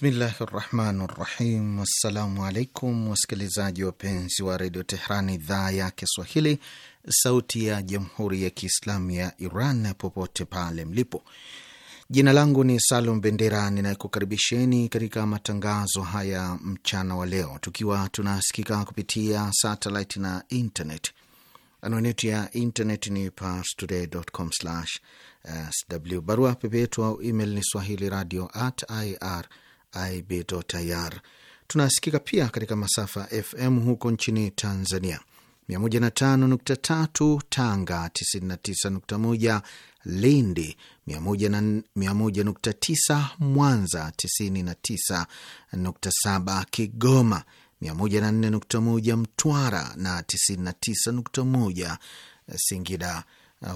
Bismillahi rahmani rahim. Assalamu alaikum wasikilizaji wapenzi wa redio Tehran, idhaa ya Kiswahili, sauti ya jamhuri ya kiislamu ya Iran, popote pale mlipo. Jina langu ni Salum Bendera ninayekukaribisheni katika matangazo haya mchana wa leo, tukiwa tunasikika kupitia satellite na internet. Anwani yetu ya internet ni parstoday.com/sw. Barua pepe yetu au email ni swahili radio at ir ibeto tayar. Tunasikika pia katika masafa FM huko nchini Tanzania, 105.3 Tanga, 99.1 Lindi, 101.9 Mwanza, 99.7 Kigoma, 104.1 Mtwara na 99.1 Singida.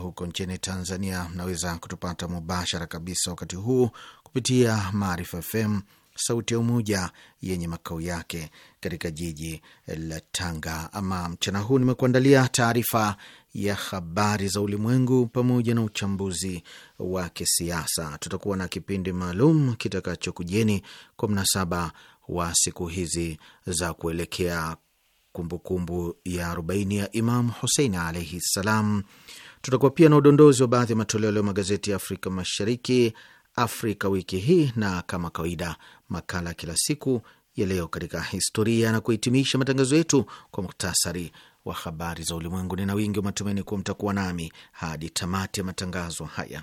Huko nchini Tanzania mnaweza kutupata mubashara kabisa wakati huu kupitia Maarifa FM Sauti ya Umoja yenye makao yake katika jiji la Tanga. Ama mchana huu nimekuandalia taarifa ya habari za ulimwengu pamoja na uchambuzi wa kisiasa. Tutakuwa na kipindi maalum kitakachokujeni kwa mnasaba wa siku hizi za kuelekea kumbukumbu ya arobaini ya Imam Husein alaihi ssalam. Tutakuwa pia na udondozi wa baadhi ya matoleo leo magazeti ya Afrika Mashariki, Afrika wiki hii, na kama kawaida makala ya kila siku ya leo katika historia, na kuhitimisha matangazo yetu kwa muktasari wa habari za ulimwengu. Nina wingi wa matumaini kuwa mtakuwa nami hadi tamati ya matangazo haya.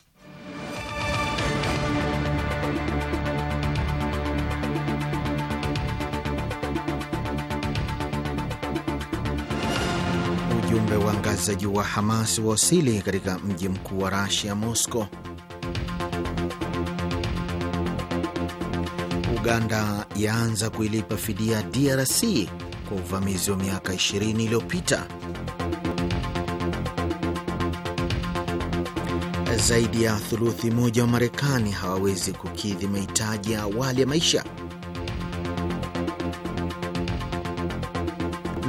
Watangazaji wa Hamas wawasili katika mji mkuu wa Rasia, Moscow. Uganda yaanza kuilipa fidia DRC kwa uvamizi wa miaka 20 iliyopita. Zaidi ya thuluthi moja wa Marekani hawawezi kukidhi mahitaji ya awali ya maisha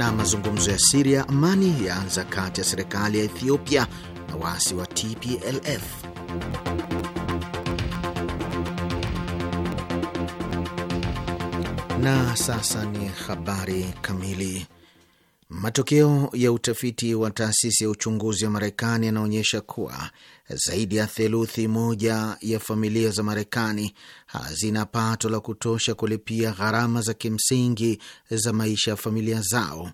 na mazungumzo ya siri ya amani yaanza kati ya serikali ya Ethiopia na waasi wa TPLF. Na sasa ni habari kamili. Matokeo ya utafiti wa taasisi ya uchunguzi ya Marekani yanaonyesha kuwa zaidi ya theluthi moja ya familia za Marekani hazina pato la kutosha kulipia gharama za kimsingi za maisha ya familia zao.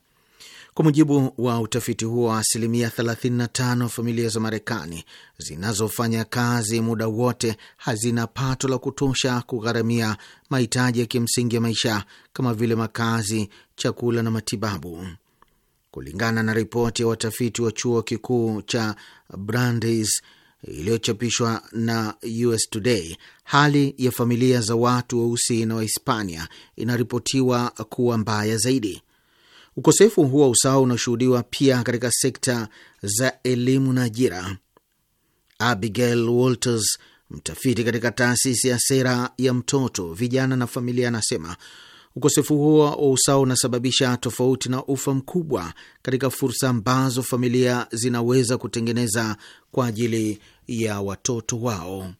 Kwa mujibu wa utafiti huo, asilimia 35 familia za Marekani zinazofanya kazi muda wote hazina pato la kutosha kugharamia mahitaji ya kimsingi ya maisha kama vile makazi, chakula na matibabu kulingana na ripoti ya watafiti wa chuo kikuu cha Brandeis iliyochapishwa na US Today, hali ya familia za watu weusi na Wahispania inaripotiwa kuwa mbaya zaidi. Ukosefu huo usawa unashuhudiwa pia katika sekta za elimu na ajira. Abigail Walters, mtafiti katika taasisi ya sera ya mtoto, vijana na familia, anasema Ukosefu huo wa usawa unasababisha tofauti na ufa mkubwa katika fursa ambazo familia zinaweza kutengeneza kwa ajili ya watoto wao.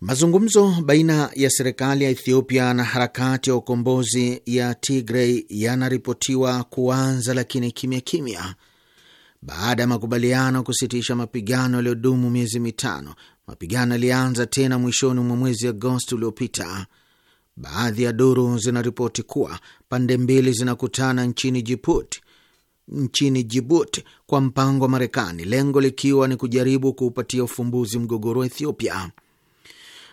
Mazungumzo baina ya serikali ya Ethiopia na harakati ya ukombozi ya Tigray yanaripotiwa kuanza, lakini kimya kimya. Baada ya makubaliano kusitisha mapigano yaliyodumu miezi mitano, mapigano yalianza tena mwishoni mwa mwezi Agosti uliopita. Baadhi ya duru zinaripoti kuwa pande mbili zinakutana nchini Jibuti nchini Jibuti kwa mpango wa Marekani, lengo likiwa ni kujaribu kuupatia ufumbuzi mgogoro wa Ethiopia.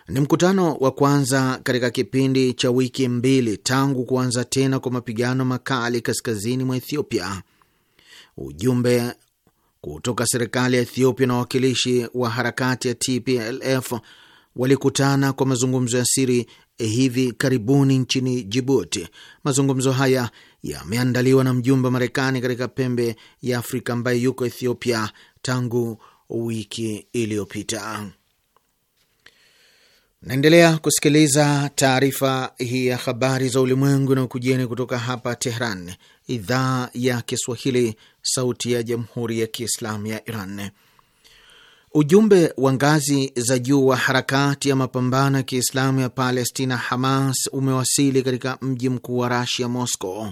Ni mkutano wa kwanza katika kipindi cha wiki mbili tangu kuanza tena kwa mapigano makali kaskazini mwa Ethiopia. Ujumbe kutoka serikali ya Ethiopia na wawakilishi wa harakati ya TPLF walikutana kwa mazungumzo ya siri eh, hivi karibuni nchini Jibuti. Mazungumzo haya yameandaliwa na mjumbe wa Marekani katika pembe ya Afrika ambaye yuko Ethiopia tangu wiki iliyopita. Naendelea kusikiliza taarifa hii ya habari za ulimwengu na ukujeni kutoka hapa Tehran, idhaa ya Kiswahili, sauti ya jamhuri ya kiislamu ya Iran. Ujumbe wa ngazi za juu wa harakati ya mapambano ya Kiislamu ya Palestina, Hamas, umewasili katika mji mkuu wa Rasia, Moscow.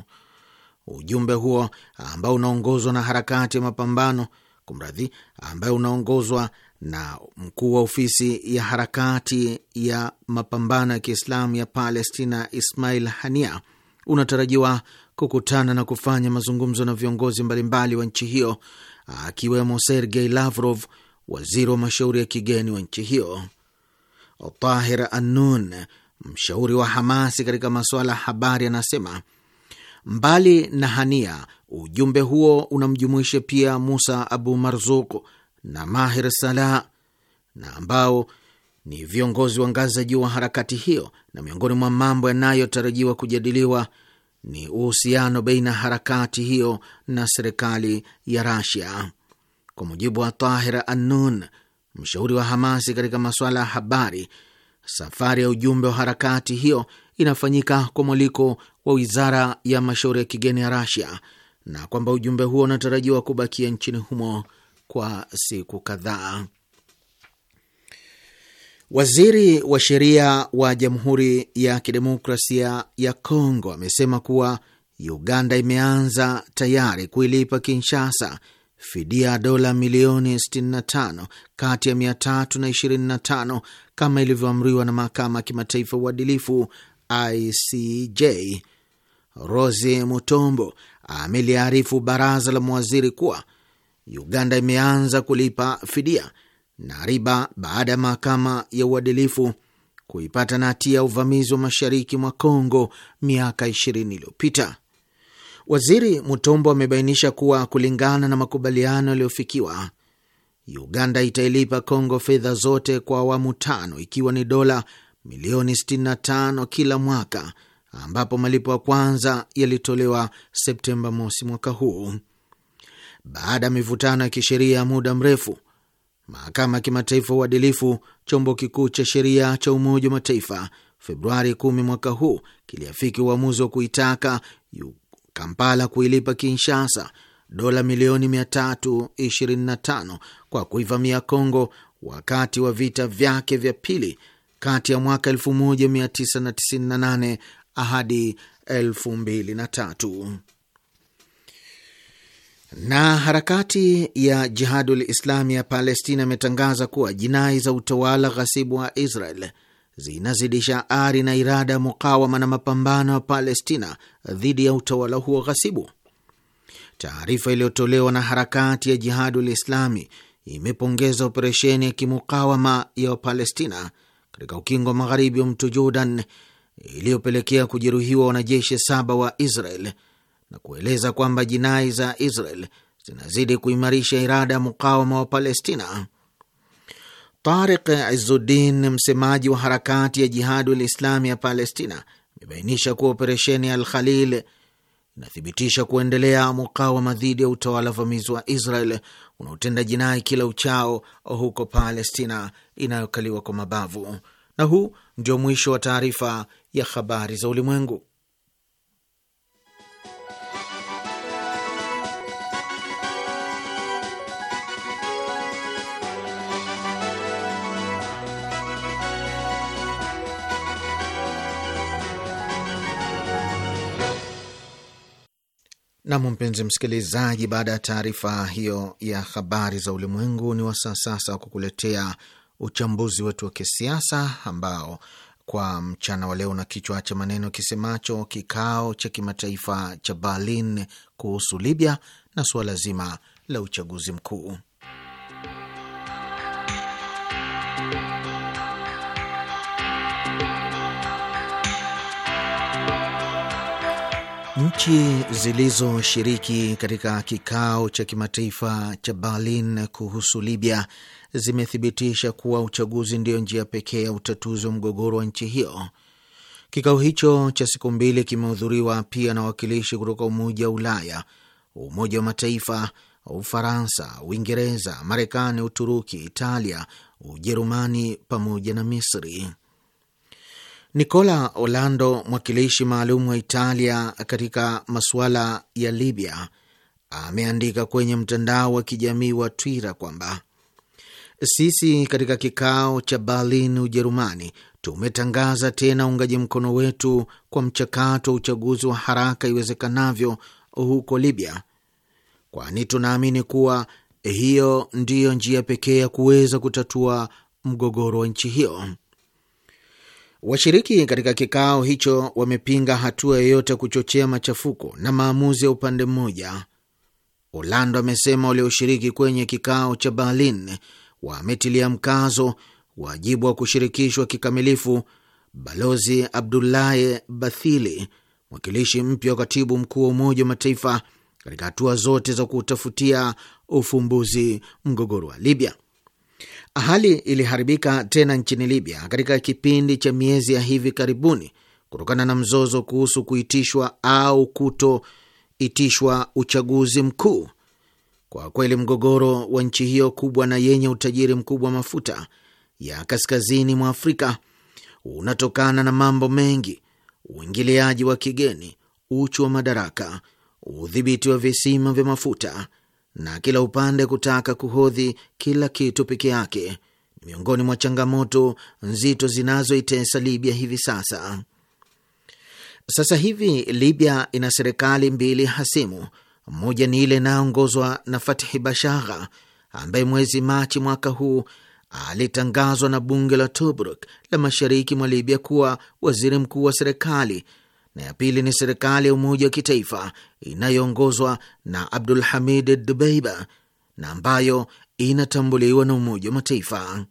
Ujumbe huo ambao unaongozwa na harakati ya mapambano kumradhi, ambayo unaongozwa na mkuu wa ofisi ya harakati ya mapambano ya Kiislamu ya Palestina, Ismail Hania, unatarajiwa kukutana na kufanya mazungumzo na viongozi mbalimbali wa nchi hiyo akiwemo Sergei Lavrov waziri wa mashauri ya kigeni wa nchi hiyo. Tahir Annun, mshauri wa Hamasi katika masuala ya habari, anasema mbali na Hania, ujumbe huo unamjumuisha pia Musa Abu marzuk na Mahir Salah na ambao ni viongozi wa ngazi za juu wa harakati hiyo, na miongoni mwa mambo yanayotarajiwa kujadiliwa ni uhusiano baina ya harakati hiyo na serikali ya Rasia. Kwa mujibu wa Tahir Annun, mshauri wa Hamasi katika masuala ya habari, safari ya ujumbe wa harakati hiyo inafanyika kwa mwaliko wa wizara ya mashauri ya kigeni ya Rasia na kwamba ujumbe huo unatarajiwa kubakia nchini humo kwa siku kadhaa. Waziri wa sheria wa Jamhuri ya Kidemokrasia ya Kongo amesema kuwa Uganda imeanza tayari kuilipa Kinshasa fidia dola milioni 65 kati ya 325 kama ilivyoamriwa na mahakama ya kimataifa uadilifu ICJ. Rose Mutombo ameliarifu baraza la mawaziri kuwa Uganda imeanza kulipa fidia na riba baada ya mahakama ya uadilifu kuipata na hatia ya uvamizi wa mashariki mwa congo miaka 20 iliyopita. Waziri Mutombo amebainisha kuwa kulingana na makubaliano yaliyofikiwa, Uganda itailipa Kongo fedha zote kwa awamu tano, ikiwa ni dola milioni 65 kila mwaka, ambapo malipo ya kwanza yalitolewa Septemba mosi mwaka huu. Baada ya mivutano ya kisheria ya muda mrefu, mahakama ya kimataifa uadilifu, chombo kikuu cha sheria cha Umoja wa Mataifa, Februari 10 mwaka huu kiliafiki uamuzi wa kuitaka Kampala kuilipa Kinshasa dola milioni 325 kwa kuivamia Kongo wakati wa vita vyake vya pili kati ya mwaka 1998 hadi 2003. Na harakati ya Jihadul Islami ya Palestina imetangaza kuwa jinai za utawala ghasibu wa Israel zinazidisha ari na irada ya mukawama na mapambano ya Palestina dhidi ya utawala huo ghasibu. Taarifa iliyotolewa na harakati ya Jihadul Islami imepongeza operesheni ya kimukawama ya Wapalestina katika ukingo magharibi wa mto Jordan iliyopelekea kujeruhiwa wanajeshi saba wa Israel na kueleza kwamba jinai za Israel zinazidi kuimarisha irada ya mukawama wa Palestina. Tariq Izuddin, msemaji wa harakati ya jihadi Islami ya Palestina, amebainisha kuwa operesheni ya alkhalil inathibitisha kuendelea mukawama dhidi ya utawala vamizi wa Israel unaotenda jinai kila uchao huko Palestina inayokaliwa kwa mabavu. Na huu ndio mwisho wa taarifa ya habari za ulimwengu. Nam, mpenzi msikilizaji, baada ya taarifa hiyo ya habari za ulimwengu, ni wasaa sasa wa kukuletea uchambuzi wetu wa kisiasa ambao kwa mchana wa leo na kichwa cha maneno kisemacho kikao cha kimataifa cha Berlin kuhusu Libya na suala zima la uchaguzi mkuu. Nchi zilizoshiriki katika kikao cha kimataifa cha Berlin kuhusu Libya zimethibitisha kuwa uchaguzi ndiyo njia pekee ya utatuzi wa mgogoro wa nchi hiyo. Kikao hicho cha siku mbili kimehudhuriwa pia na wawakilishi kutoka Umoja wa Ulaya, Umoja wa Mataifa, Ufaransa, Uingereza, Marekani, Uturuki, Italia, Ujerumani pamoja na Misri. Nicola Orlando, mwakilishi maalum wa Italia katika masuala ya Libya, ameandika kwenye mtandao wa kijamii wa Twitter kwamba sisi katika kikao cha Berlin, Ujerumani, tumetangaza tena uungaji mkono wetu kwa mchakato wa uchaguzi wa haraka iwezekanavyo huko Libya, kwani tunaamini kuwa hiyo ndiyo njia pekee ya kuweza kutatua mgogoro wa nchi hiyo. Washiriki katika kikao hicho wamepinga hatua yoyote kuchochea machafuko na maamuzi ya upande mmoja. Orlando amesema walioshiriki kwenye kikao cha Berlin wametilia mkazo wajibu wa kushirikishwa kikamilifu Balozi abdulahi Bathili, mwakilishi mpya wa katibu mkuu wa Umoja wa Mataifa, katika hatua zote za kutafutia ufumbuzi mgogoro wa Libya. Hali iliharibika tena nchini Libya katika kipindi cha miezi ya hivi karibuni kutokana na mzozo kuhusu kuitishwa au kutoitishwa uchaguzi mkuu. Kwa kweli, mgogoro wa nchi hiyo kubwa na yenye utajiri mkubwa wa mafuta ya kaskazini mwa Afrika unatokana na mambo mengi: uingiliaji wa kigeni, uchu wa madaraka, udhibiti wa visima vya mafuta na kila upande kutaka kuhodhi kila kitu peke yake ni miongoni mwa changamoto nzito zinazoitesa Libya hivi sasa. Sasa hivi Libya ina serikali mbili hasimu. Moja ni ile inayoongozwa na Fatihi Bashagha ambaye mwezi Machi mwaka huu alitangazwa na bunge la Tobruk la mashariki mwa Libya kuwa waziri mkuu wa serikali na ya pili ni serikali ya umoja wa kitaifa inayoongozwa na Abdul Hamid Dubeiba na ambayo inatambuliwa na Umoja wa Mataifa.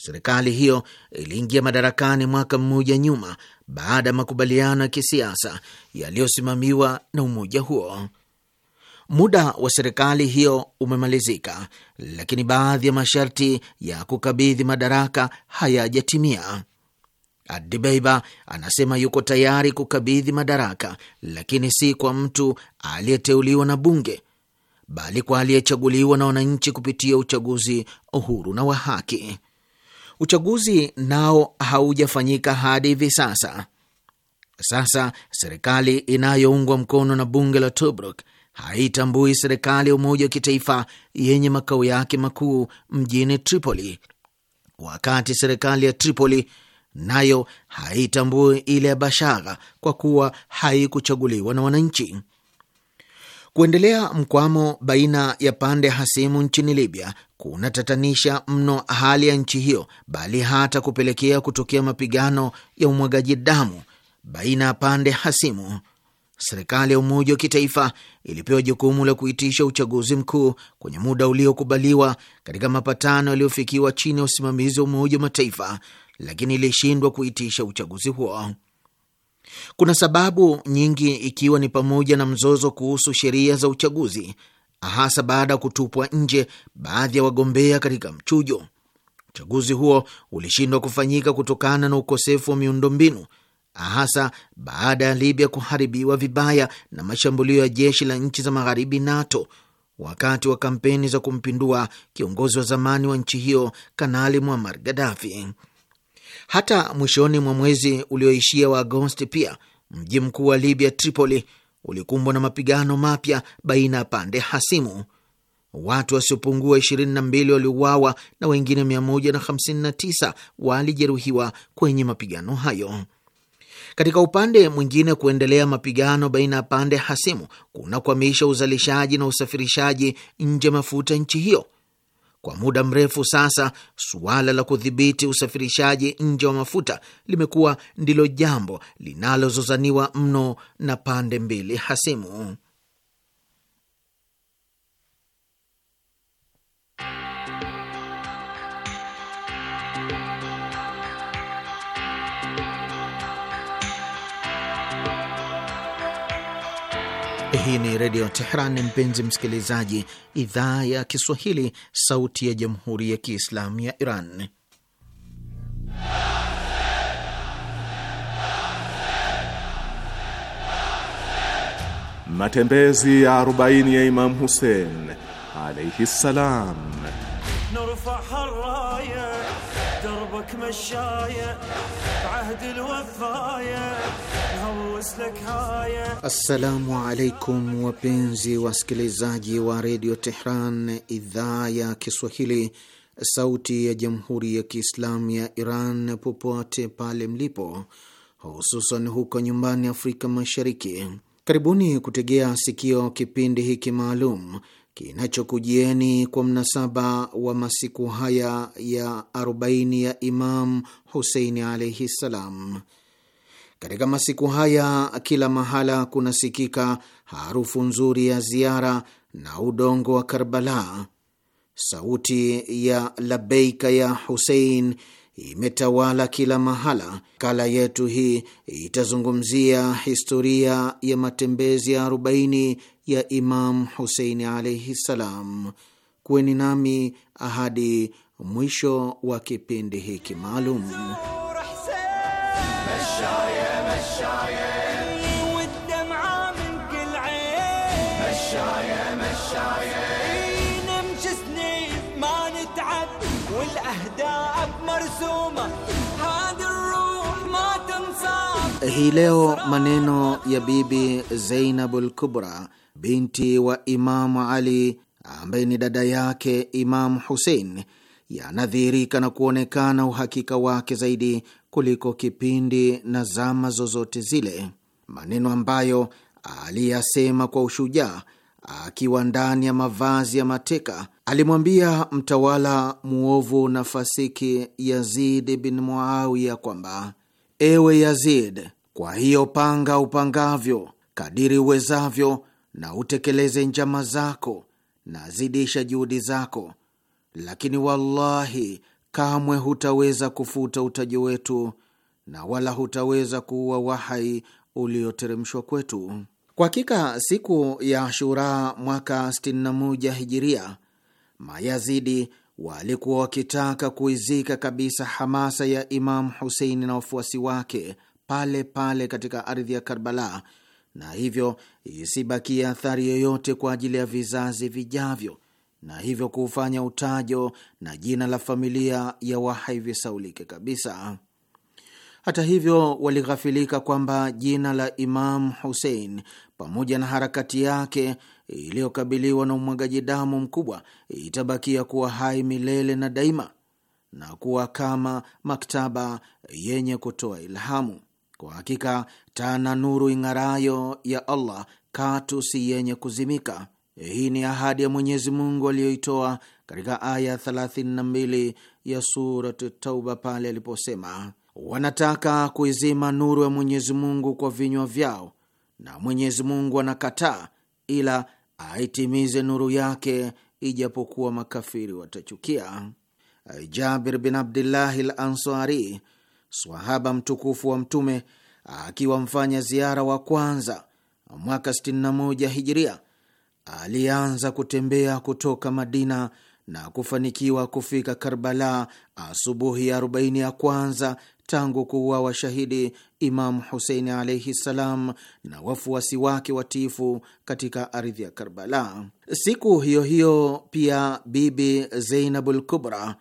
Serikali hiyo iliingia madarakani mwaka mmoja nyuma baada ya makubaliano ya kisiasa yaliyosimamiwa na umoja huo. Muda wa serikali hiyo umemalizika, lakini baadhi ya masharti ya kukabidhi madaraka hayajatimia. Adibeiba anasema yuko tayari kukabidhi madaraka, lakini si kwa mtu aliyeteuliwa na bunge, bali kwa aliyechaguliwa na wananchi kupitia uchaguzi uhuru na wa haki. Uchaguzi nao haujafanyika hadi hivi sasa. Sasa serikali inayoungwa mkono na bunge la Tobruk haitambui serikali ya umoja wa kitaifa yenye makao yake makuu mjini Tripoli, wakati serikali ya Tripoli nayo haitambui ile ya Bashagha kwa kuwa haikuchaguliwa na wananchi. Kuendelea mkwamo baina ya pande hasimu nchini Libya kunatatanisha mno hali ya nchi hiyo, bali hata kupelekea kutokea mapigano ya umwagaji damu baina ya pande hasimu. Serikali ya umoja wa kitaifa ilipewa jukumu la kuitisha uchaguzi mkuu kwenye muda uliokubaliwa katika mapatano yaliyofikiwa chini ya usimamizi wa Umoja wa Mataifa, lakini ilishindwa kuitisha uchaguzi huo. Kuna sababu nyingi, ikiwa ni pamoja na mzozo kuhusu sheria za uchaguzi, hasa baada ya kutupwa nje baadhi ya wagombea katika mchujo. Uchaguzi huo ulishindwa kufanyika kutokana na ukosefu wa miundombinu, hasa baada ya Libya kuharibiwa vibaya na mashambulio ya jeshi la nchi za magharibi NATO wakati wa kampeni za kumpindua kiongozi wa zamani wa nchi hiyo Kanali Muammar Gaddafi. Hata mwishoni mwa mwezi ulioishia wa Agosti pia mji mkuu wa Libya, Tripoli, ulikumbwa na mapigano mapya baina ya pande hasimu. Watu wasiopungua 22 waliuawa na wengine 159 walijeruhiwa kwenye mapigano hayo. Katika upande mwingine, kuendelea mapigano baina ya pande hasimu kunakwamisha uzalishaji na usafirishaji nje mafuta nchi hiyo kwa muda mrefu sasa, suala la kudhibiti usafirishaji nje wa mafuta limekuwa ndilo jambo linalozozaniwa mno na pande mbili hasimu. Hii ni Redio Teheran, mpenzi msikilizaji, idhaa ya Kiswahili, sauti ya Jamhuri ya Kiislamu ya Iran. Matembezi ya 4 ya Imam Hussein alaihi ssalam. دربك مشاية بعهد الوفاية نهوس لك هاية السلام عليكم وبنزي واسكليزاجي wa redio Tehran idhaa ya Kiswahili sauti ya jamhuri ya Kiislamu ya Iran popote pale mlipo hususan huko nyumbani Afrika Mashariki karibuni kutegea sikio kipindi hiki maalum kinachokujieni kwa mnasaba wa masiku haya ya 40 ya Imam Huseini alaihi ssalam. Katika masiku haya kila mahala kunasikika harufu nzuri ya ziara na udongo wa Karbala. Sauti ya labeika ya Husein imetawala kila mahala. Kala yetu hii itazungumzia historia ya matembezi ya arobaini ya Imam Huseini alaihi ssalam. Kuweni nami ahadi mwisho wa kipindi hiki maalum. Hii leo maneno ya Bibi Zainabul Kubra binti wa Imamu Ali ambaye ni dada yake Imamu Husein yanadhihirika na kuonekana uhakika wake zaidi kuliko kipindi na zama zozote zile, maneno ambayo aliyasema kwa ushujaa akiwa ndani ya mavazi ya mateka alimwambia mtawala mwovu na fasiki Yazid bin Muawiya kwamba ewe Yazid, kwa hiyo panga upangavyo kadiri uwezavyo na utekeleze njama zako na zidisha juhudi zako, lakini wallahi kamwe hutaweza kufuta utaji wetu na wala hutaweza kuua wahai ulioteremshwa kwetu. Kwa hakika siku ya Ashura mwaka 61 hijiria Mayazidi walikuwa wakitaka kuizika kabisa hamasa ya Imamu Huseini na wafuasi wake pale pale katika ardhi ya Karbala, na hivyo isibakie athari yoyote kwa ajili ya vizazi vijavyo, na hivyo kuufanya utajo na jina la familia ya Wahai visaulike kabisa. Hata hivyo walighafilika kwamba jina la Imamu Husein pamoja na harakati yake iliyokabiliwa na umwagaji damu mkubwa itabakia kuwa hai milele na daima na kuwa kama maktaba yenye kutoa ilhamu. Kwa hakika tana nuru ing'arayo ya Allah katu si yenye kuzimika. Hii ni ahadi ya Mwenyezi Mungu aliyoitoa katika aya 32 ya Surat Tauba pale aliposema, wanataka kuizima nuru ya Mwenyezi Mungu kwa vinywa vyao na Mwenyezi Mungu anakataa ila aitimize nuru yake, ijapokuwa makafiri watachukia. Jabir bin Abdillahi l Ansari, swahaba mtukufu wa Mtume, akiwa mfanya ziara wa kwanza mwaka 61 Hijiria, alianza kutembea kutoka Madina na kufanikiwa kufika Karbala asubuhi ya 40 ya kwanza tangu kuuawa shahidi Imamu Huseini alaihi ssalam na wafuasi wake watiifu katika ardhi ya Karbala. Siku hiyo hiyo pia Bibi Zeinabul Kubra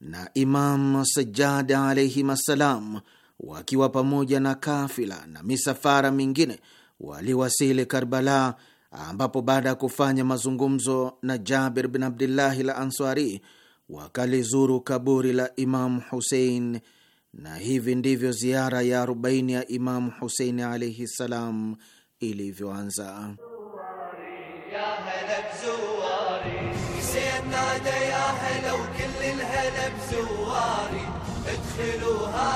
na Imam Sajjad alaihim assalam wakiwa pamoja na kafila na misafara mingine waliwasili Karbala, ambapo baada ya kufanya mazungumzo na Jabir bin Abdillahi la Ansari wakalizuru kaburi la Imamu Husein na hivi ndivyo ziara ya 40 ya Imamu Huseini alaihi ssalam ilivyoanza. ادخلوها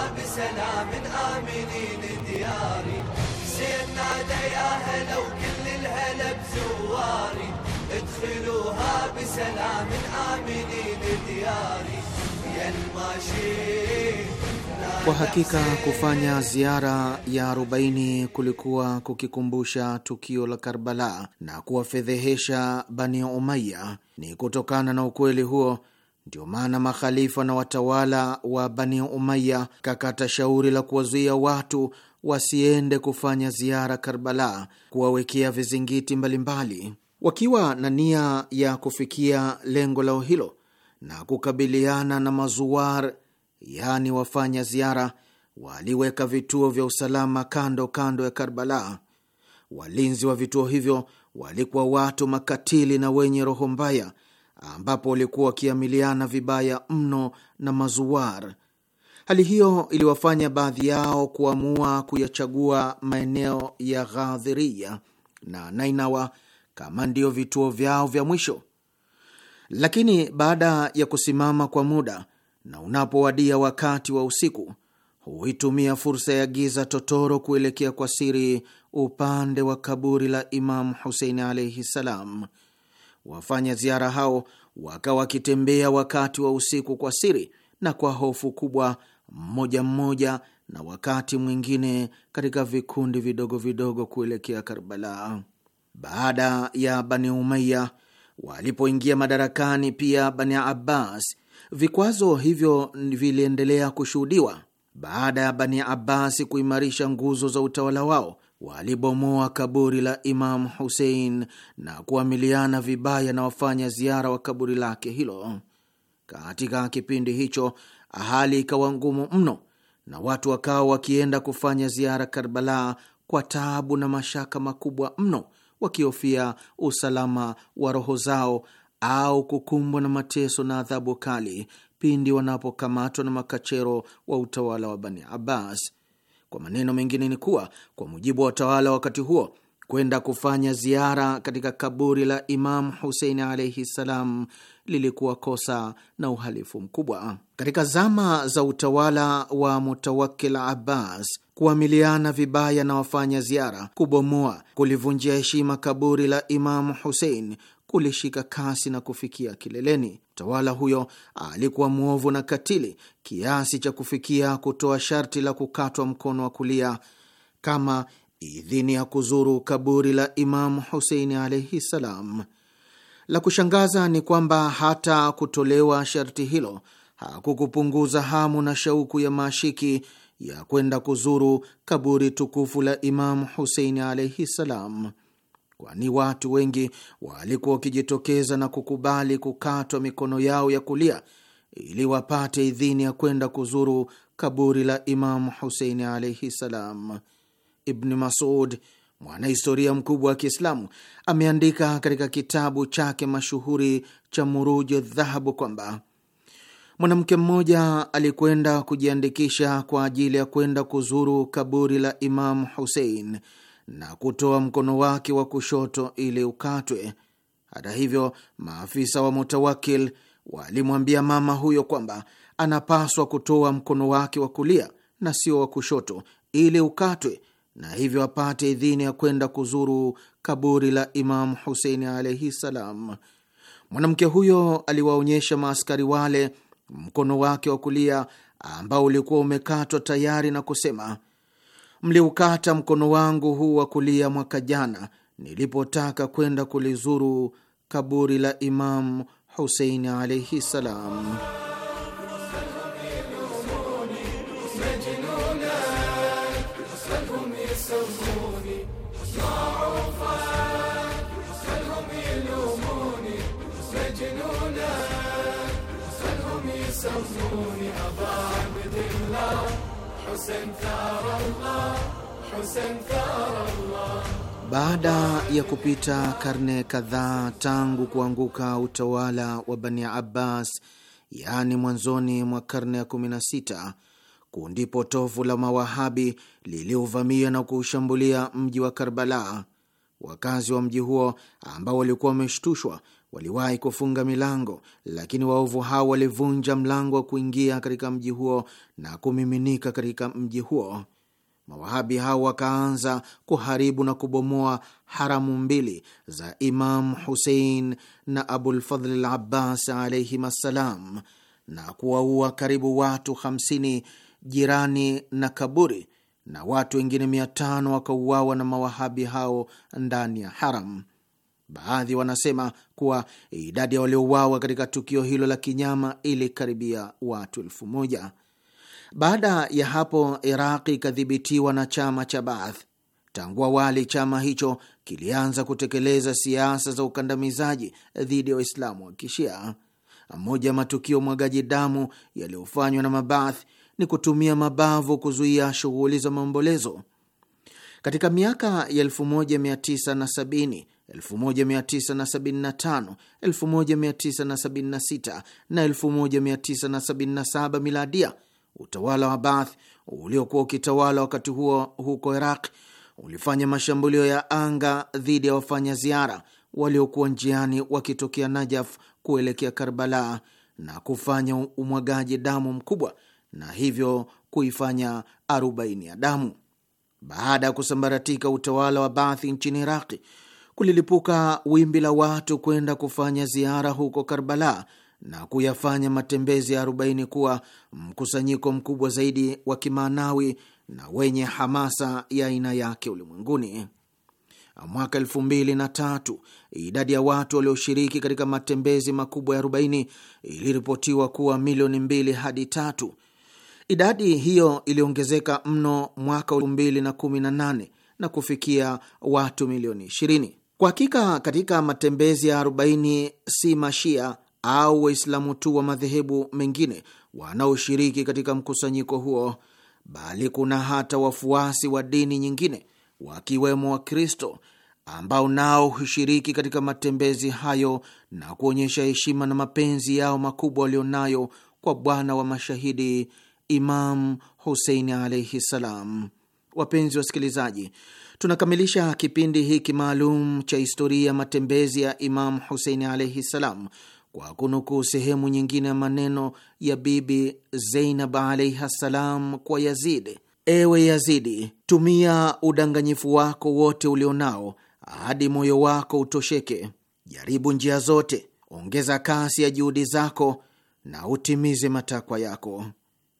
Kwa hakika kufanya ziara ya 40 kulikuwa kukikumbusha tukio la Karbala na kuwafedhehesha Bani Umaya. Ni kutokana na ukweli huo ndio maana makhalifa na watawala wa Bani Umaya kakata shauri la kuwazuia watu wasiende kufanya ziara Karbala, kuwawekea vizingiti mbalimbali, wakiwa na nia ya kufikia lengo lao hilo na kukabiliana na mazuar yaani wafanya ziara, waliweka vituo vya usalama kando kando ya Karbala. Walinzi wa vituo hivyo walikuwa watu makatili na wenye roho mbaya, ambapo walikuwa wakiamiliana vibaya mno na mazuwar. Hali hiyo iliwafanya baadhi yao kuamua kuyachagua maeneo ya Ghadhiria na Nainawa kama ndiyo vituo vyao vya mwisho. Lakini baada ya kusimama kwa muda, na unapowadia wakati wa usiku huitumia fursa ya giza totoro kuelekea kwa siri upande wa kaburi la Imamu Husein alaihi salam. Wafanya ziara hao wakawa wakitembea wakati wa usiku kwa siri na kwa hofu kubwa, mmoja mmoja, na wakati mwingine katika vikundi vidogo vidogo kuelekea Karbala. Baada ya Bani Umaya walipoingia madarakani, pia Bani Abbas Vikwazo hivyo viliendelea kushuhudiwa baada ya Bani Abbasi kuimarisha nguzo za utawala wao. Walibomoa kaburi la Imamu Husein na kuamiliana vibaya na wafanya ziara wa kaburi lake hilo. Katika kipindi hicho hali ikawa ngumu mno, na watu wakawa wakienda kufanya ziara Karbala kwa taabu na mashaka makubwa mno, wakihofia usalama wa roho zao au kukumbwa na mateso na adhabu kali pindi wanapokamatwa na makachero wa utawala wa Bani Abbas. Kwa maneno mengine ni kuwa, kwa mujibu wa utawala wakati huo, kwenda kufanya ziara katika kaburi la Imamu Husein alaihi ssalam lilikuwa kosa na uhalifu mkubwa. Katika zama za utawala wa Mutawakil Abbas, kuamiliana vibaya na wafanya ziara, kubomoa, kulivunjia heshima kaburi la Imamu Husein ulishika kasi na kufikia kileleni. Mtawala huyo alikuwa mwovu na katili kiasi cha kufikia kutoa sharti la kukatwa mkono wa kulia kama idhini ya kuzuru kaburi la Imamu Huseini alaihi ssalam. La kushangaza ni kwamba hata kutolewa sharti hilo hakukupunguza hamu na shauku ya maashiki ya kwenda kuzuru kaburi tukufu la Imamu Huseini alaihi ssalam kwani watu wengi walikuwa wakijitokeza na kukubali kukatwa mikono yao ya kulia ili wapate idhini ya kwenda kuzuru kaburi la Imamu Huseini alaihi salam. Ibni Masud, mwanahistoria mkubwa wa Kiislamu, ameandika katika kitabu chake mashuhuri cha Murujo Dhahabu kwamba mwanamke mmoja alikwenda kujiandikisha kwa ajili ya kwenda kuzuru kaburi la Imamu Husein na kutoa mkono wake wa kushoto ili ukatwe. Hata hivyo, maafisa wa Mutawakil walimwambia mama huyo kwamba anapaswa kutoa mkono wake wa kulia na sio wa kushoto ili ukatwe, na hivyo apate idhini ya kwenda kuzuru kaburi la Imamu Huseini alaihi ssalam Mwanamke huyo aliwaonyesha maaskari wale mkono wake wa kulia ambao ulikuwa umekatwa tayari na kusema mliukata mkono wangu huu wa kulia mwaka jana nilipotaka kwenda kulizuru kaburi la Imamu Huseini alaihi salam. Baada ya kupita karne kadhaa tangu kuanguka utawala wa Bani Abbas, yaani mwanzoni mwa karne ya 16, kundi potofu la Mawahabi liliuvamia na kuushambulia mji wa Karbala. Wakazi wa mji huo ambao walikuwa wameshtushwa waliwahi kufunga milango, lakini waovu hao walivunja mlango wa kuingia katika mji huo na kumiminika katika mji huo. Mawahabi hao wakaanza kuharibu na kubomoa haramu mbili za Imamu Husein na Abulfadli l Abbas alaihim assalam, na kuwaua karibu watu 50 jirani na kaburi, na watu wengine mia tano wakauawa na mawahabi hao ndani ya haram. Baadhi wanasema kuwa idadi ya waliouawa katika tukio hilo la kinyama ilikaribia watu elfu moja. Baada ya hapo, iraq ikadhibitiwa na chama cha Baath. Tangu awali chama hicho kilianza kutekeleza siasa za ukandamizaji dhidi ya Waislamu wa Kishia. Moja ya matukio mwagaji damu yaliyofanywa na Mabath ni kutumia mabavu kuzuia shughuli za maombolezo. Katika miaka ya 1970 1975, 1976 na 1977 miladia. Utawala wa Baath uliokuwa ukitawala wakati huo huko Iraq ulifanya mashambulio ya anga dhidi ya wafanya ziara waliokuwa njiani wakitokea Najaf kuelekea Karbala na kufanya umwagaji damu mkubwa na hivyo kuifanya arobaini ya damu. Baada ya kusambaratika utawala wa Baathi nchini Iraqi, kulilipuka wimbi la watu kwenda kufanya ziara huko Karbala na kuyafanya matembezi ya 40 kuwa mkusanyiko mkubwa zaidi wa kimaanawi na wenye hamasa ya aina yake ulimwenguni. Mwaka elfu mbili na tatu idadi ya watu walioshiriki katika matembezi makubwa ya 40 iliripotiwa kuwa milioni mbili hadi tatu. Idadi hiyo iliongezeka mno mwaka elfu mbili na kumi na nane na kufikia watu milioni 20. Kwa hakika katika matembezi ya 40 si mashia au Waislamu tu wa madhehebu mengine wanaoshiriki katika mkusanyiko huo, bali kuna hata wafuasi wa dini nyingine wakiwemo Wakristo ambao nao hushiriki katika matembezi hayo na kuonyesha heshima na mapenzi yao makubwa walionayo kwa bwana wa mashahidi Imam Husein alaihi salam. Wapenzi wasikilizaji tunakamilisha kipindi hiki maalum cha historia ya matembezi ya Imamu Huseini alaihi ssalam kwa kunukuu sehemu nyingine ya maneno ya Bibi Zeinab alaihi ssalam kwa Yazidi: Ewe Yazidi, tumia udanganyifu wako wote ulionao hadi moyo wako utosheke. Jaribu njia zote, ongeza kasi ya juhudi zako na utimize matakwa yako.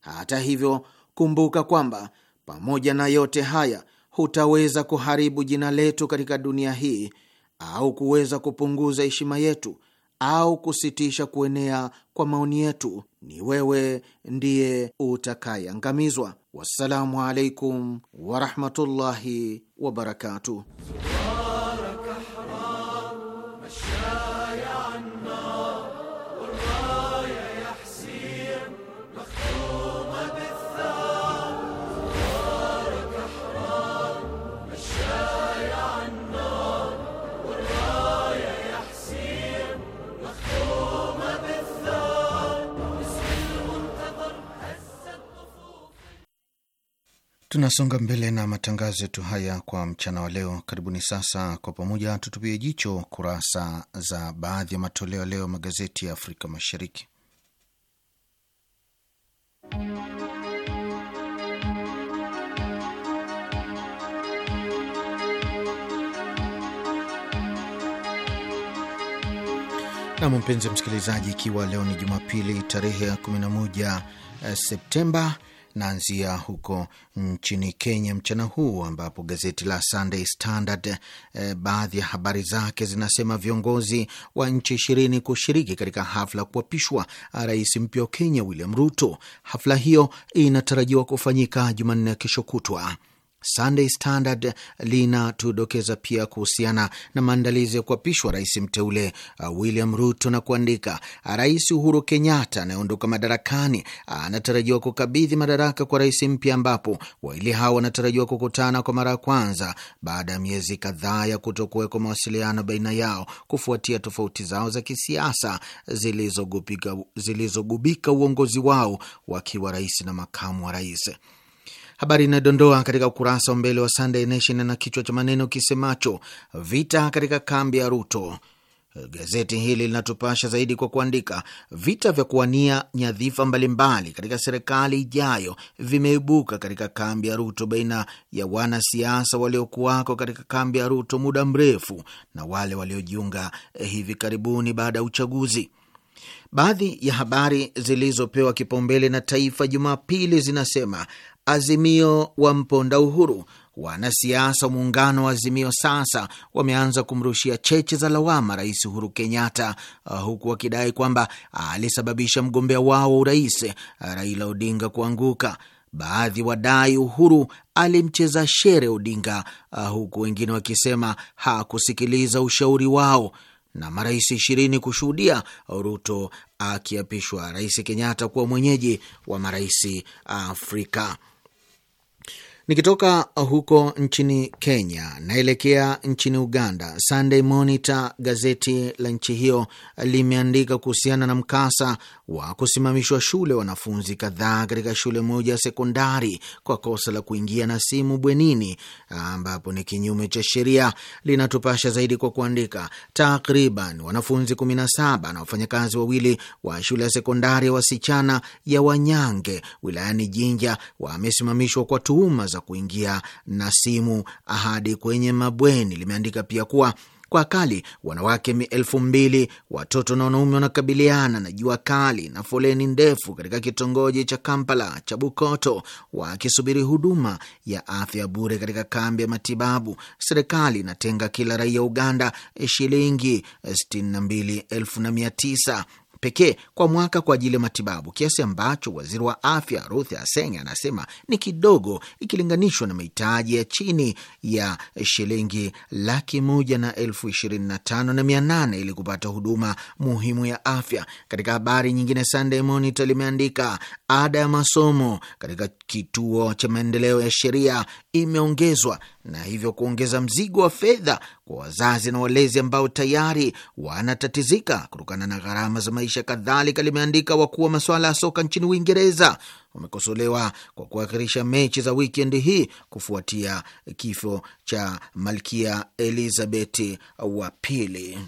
Hata hivyo, kumbuka kwamba pamoja na yote haya hutaweza kuharibu jina letu katika dunia hii au kuweza kupunguza heshima yetu au kusitisha kuenea kwa maoni yetu. Ni wewe ndiye utakayeangamizwa. Wassalamu alaikum warahmatullahi wabarakatuh. Tunasonga mbele na matangazo yetu haya kwa mchana wa leo. Karibuni sasa, kwa pamoja tutupie jicho kurasa za baadhi ya matoleo ya leo magazeti ya Afrika Mashariki. Nam, mpenzi msikilizaji, ikiwa leo ni Jumapili tarehe ya 11 eh, Septemba Naanzia huko nchini Kenya mchana huu ambapo gazeti la Sunday Standard eh, baadhi ya habari zake zinasema viongozi wa nchi ishirini kushiriki katika hafla ya kuapishwa rais mpya wa Kenya William Ruto. Hafla hiyo inatarajiwa kufanyika Jumanne ya kesho kutwa. Sunday Standard linatudokeza pia kuhusiana na maandalizi ya kuapishwa rais mteule uh, William Ruto na kuandika, Rais Uhuru Kenyatta anayeondoka madarakani anatarajiwa kukabidhi madaraka kwa rais mpya, ambapo wawili hao wanatarajiwa kukutana kwa mara ya kwanza baada ya miezi kadhaa ya kutokuwekwa mawasiliano baina yao kufuatia tofauti zao za kisiasa zilizogubika uongozi wao wakiwa rais na makamu wa rais. Habari inayodondoa katika ukurasa wa mbele wa Sunday Nation na kichwa cha maneno kisemacho vita katika kambi ya Ruto. Gazeti hili linatupasha zaidi kwa kuandika, vita vya kuwania nyadhifa mbalimbali katika serikali ijayo vimeibuka katika kambi ya Ruto, baina ya wanasiasa waliokuwako katika kambi ya Ruto muda mrefu na wale waliojiunga hivi karibuni baada ya uchaguzi. Baadhi ya habari zilizopewa kipaumbele na Taifa Jumapili zinasema Azimio wa mponda uhuru. Wanasiasa muungano wa Azimio sasa wameanza kumrushia cheche za lawama Rais Uhuru Kenyatta, uh, huku wakidai kwamba alisababisha mgombea wao wa urais uh, Raila Odinga kuanguka. Baadhi wadai Uhuru alimcheza shere Odinga, uh, huku wengine wakisema hakusikiliza ushauri wao na marais ishirini kushuhudia Ruto akiapishwa, Rais Kenyatta kuwa mwenyeji wa marais Afrika. Nikitoka huko nchini Kenya naelekea nchini Uganda. Sunday Monitor, gazeti la nchi hiyo, limeandika kuhusiana na mkasa wa kusimamishwa shule wanafunzi kadhaa katika shule moja ya sekondari kwa kosa la kuingia na simu bwenini, ambapo ni kinyume cha sheria. Linatupasha zaidi kwa kuandika, takriban wanafunzi 17 na wafanyakazi wawili wa shule ya sekondari ya wasichana ya Wanyange wilayani Jinja wamesimamishwa kwa tuhuma za kuingia na simu ahadi kwenye mabweni. Limeandika pia kuwa kwa kali, wanawake elfu mbili watoto na wanaume wanakabiliana na jua kali na foleni ndefu katika kitongoji cha Kampala cha Bukoto wakisubiri huduma ya afya bure katika kambi ya matibabu. Serikali inatenga kila raia Uganda shilingi elfu na na mia tisa pekee kwa mwaka kwa ajili ya matibabu, kiasi ambacho waziri wa afya Ruth Aceng anasema ni kidogo ikilinganishwa na mahitaji ya chini ya shilingi laki moja na elfu ishirini na tano na mia nane ili kupata huduma muhimu ya afya. Katika habari nyingine, Sunday Monitor limeandika ada ya masomo katika kituo cha maendeleo ya sheria imeongezwa na hivyo kuongeza mzigo wa fedha kwa wazazi na walezi ambao tayari wanatatizika kutokana na gharama za maisha. Kadhalika limeandika wakuu wa masuala ya soka nchini Uingereza wamekosolewa kwa kuakhirisha mechi za wikendi hii kufuatia kifo cha malkia Elizabeth wa pili.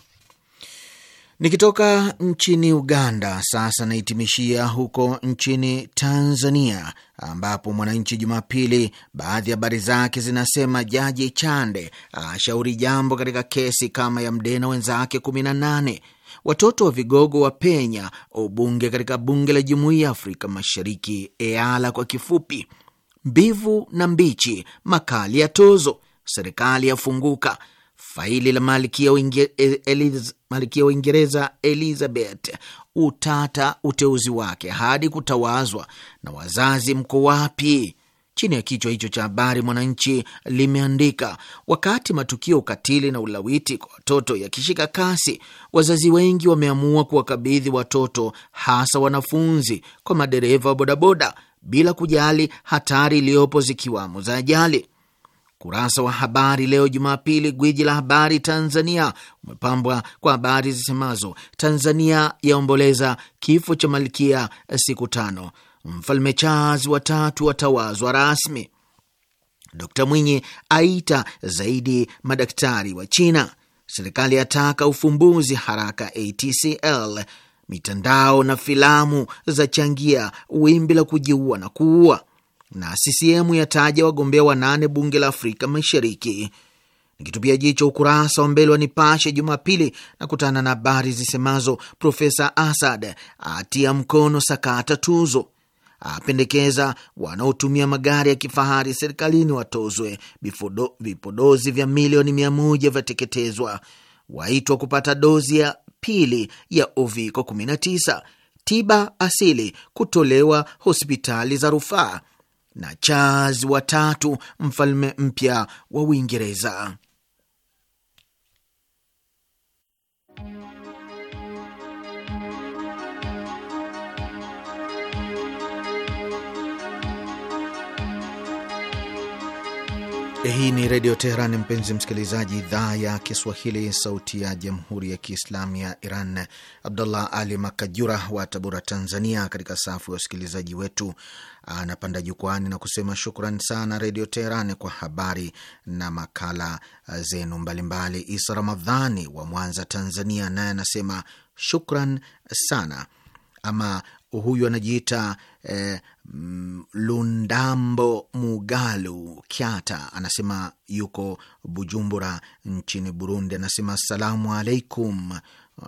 Nikitoka nchini Uganda sasa nahitimishia huko nchini Tanzania, ambapo Mwananchi Jumapili baadhi ya habari zake zinasema Jaji Chande ashauri jambo katika kesi kama ya Mdena wenzake 18, watoto wa vigogo wa penya ubunge katika bunge la Jumuiya ya Afrika Mashariki, EALA kwa kifupi, mbivu na mbichi, makali ya tozo, serikali yafunguka faili la malkia wa Uingereza e, Elizabeth, utata uteuzi wake hadi kutawazwa na wazazi mko wapi? Chini ya kichwa hicho cha habari, Mwananchi limeandika wakati matukio ukatili na ulawiti kwa watoto yakishika kasi, wazazi wengi wameamua kuwakabidhi watoto, hasa wanafunzi, kwa madereva wa bodaboda bila kujali hatari iliyopo zikiwamo za ajali. Kurasa wa habari leo Jumapili, gwiji la habari Tanzania, umepambwa kwa habari zisemazo Tanzania yaomboleza kifo cha malkia siku tano, mfalme Charles watatu watawazwa rasmi, Dkt Mwinyi aita zaidi madaktari wa China, serikali yataka ufumbuzi haraka ATCL, mitandao na filamu zachangia wimbi la kujiua na kuua na CCM yataja wagombea wanane bunge la Afrika Mashariki. Nikitupia jicho ukurasa wa mbele wa Nipashe Jumapili na kutana na habari zisemazo: Profesa Asad atia mkono sakata tuzo, apendekeza wanaotumia magari ya kifahari serikalini watozwe, vipodozi vya milioni mia moja vyateketezwa, waitwa kupata dozi ya pili ya uviko 19, tiba asili kutolewa hospitali za rufaa na Charles watatu mfalme mpya wa Uingereza. Eh, hii ni Redio Teheran, mpenzi msikilizaji, idhaa ya Kiswahili, sauti ya jamhuri ya kiislamu ya Iran. Abdullah Ali Makajura wa Tabora, Tanzania, katika safu ya wasikilizaji wetu anapanda jukwani na kusema shukran sana Redio Teheran kwa habari na makala zenu mbalimbali. Isa Ramadhani wa Mwanza, Tanzania, naye anasema shukran sana. Ama huyu anajiita eh, Lundambo Mugalu Kyata anasema yuko Bujumbura nchini Burundi. Anasema assalamu alaikum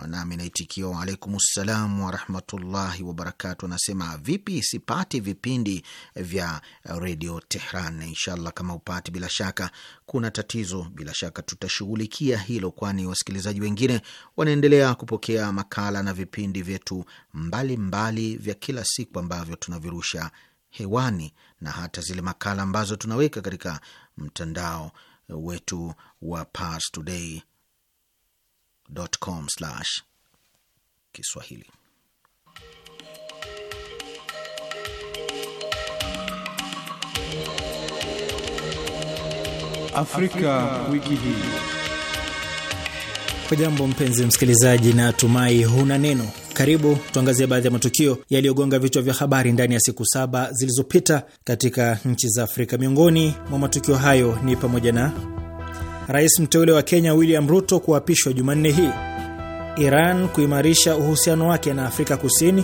nami naitikia waalaikum ssalam warahmatullahi wabarakatu. Anasema vipi, sipati vipindi vya redio Tehran? Inshallah, kama upati, bila shaka kuna tatizo, bila shaka tutashughulikia hilo, kwani wasikilizaji wengine wanaendelea kupokea makala na vipindi vyetu mbalimbali mbali vya kila siku ambavyo tunavirusha hewani na hata zile makala ambazo tunaweka katika mtandao wetu wa Pars Today com slash Kiswahili. Afrika, Afrika wiki hii. Hujambo mpenzi msikilizaji, na tumai huna neno. Karibu tuangazie baadhi ya matukio yaliyogonga vichwa vya habari ndani ya siku saba zilizopita katika nchi za Afrika. Miongoni mwa matukio hayo ni pamoja na rais mteule wa Kenya William Ruto kuapishwa Jumanne hii, Iran kuimarisha uhusiano wake na Afrika Kusini,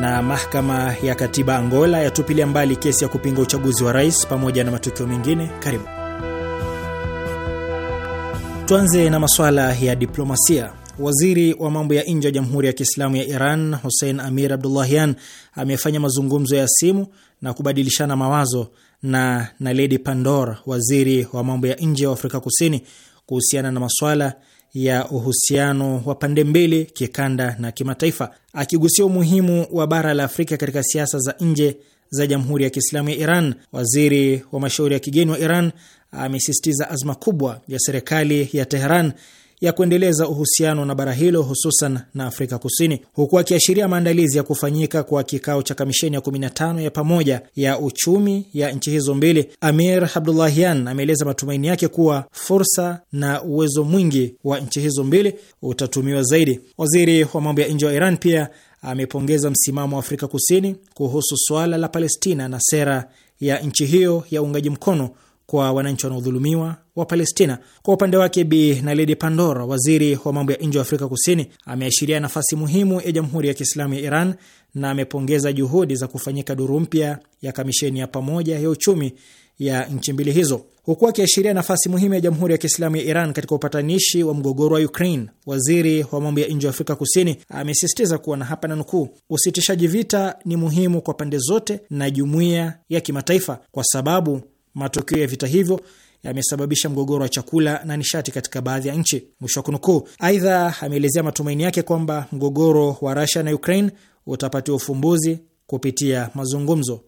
na mahakama ya katiba Angola yatupilia mbali kesi ya kupinga uchaguzi wa rais, pamoja na matukio mengine. Karibu tuanze na masuala ya diplomasia. Waziri wa mambo ya nje wa Jamhuri ya Kiislamu ya Iran Hussein Amir Abdullahian amefanya mazungumzo ya simu na kubadilishana mawazo na Naledi Pandor, waziri wa mambo ya nje wa Afrika Kusini, kuhusiana na masuala ya uhusiano wa pande mbili kikanda na kimataifa. Akigusia umuhimu wa bara la Afrika katika siasa za nje za Jamhuri ya Kiislamu ya Iran, waziri wa mashauri ya kigeni wa Iran amesisitiza azma kubwa ya serikali ya Teheran ya kuendeleza uhusiano na bara hilo hususan na Afrika Kusini, huku akiashiria maandalizi ya kufanyika kwa kikao cha kamisheni ya 15 ya pamoja ya uchumi ya nchi hizo mbili. Amir Abdullahian ameeleza matumaini yake kuwa fursa na uwezo mwingi wa nchi hizo mbili utatumiwa zaidi. Waziri wa mambo ya nje wa Iran pia amepongeza msimamo wa Afrika Kusini kuhusu suala la Palestina na sera ya nchi hiyo ya uungaji mkono kwa wananchi wanaodhulumiwa wa Palestina. Kwa upande wake, Bi Naledi Pandor, waziri wa mambo ya nje wa Afrika Kusini, ameashiria nafasi muhimu ya Jamhuri ya Kiislamu ya Iran na amepongeza juhudi za kufanyika duru mpya ya kamisheni ya pamoja ya uchumi ya nchi mbili hizo, huku akiashiria nafasi muhimu ya Jamhuri ya Kiislamu ya Iran katika upatanishi wa mgogoro wa Ukraine. Waziri wa mambo ya nje wa Afrika Kusini amesisitiza kuwa, na hapa na nukuu, usitishaji vita ni muhimu kwa pande zote na jumuiya ya kimataifa, kwa sababu Matokeo ya vita hivyo yamesababisha mgogoro wa chakula na nishati katika baadhi ya nchi, mwisho wa kunukuu. Aidha, ameelezea matumaini yake kwamba mgogoro wa rusia na Ukraine utapatiwa ufumbuzi kupitia mazungumzo.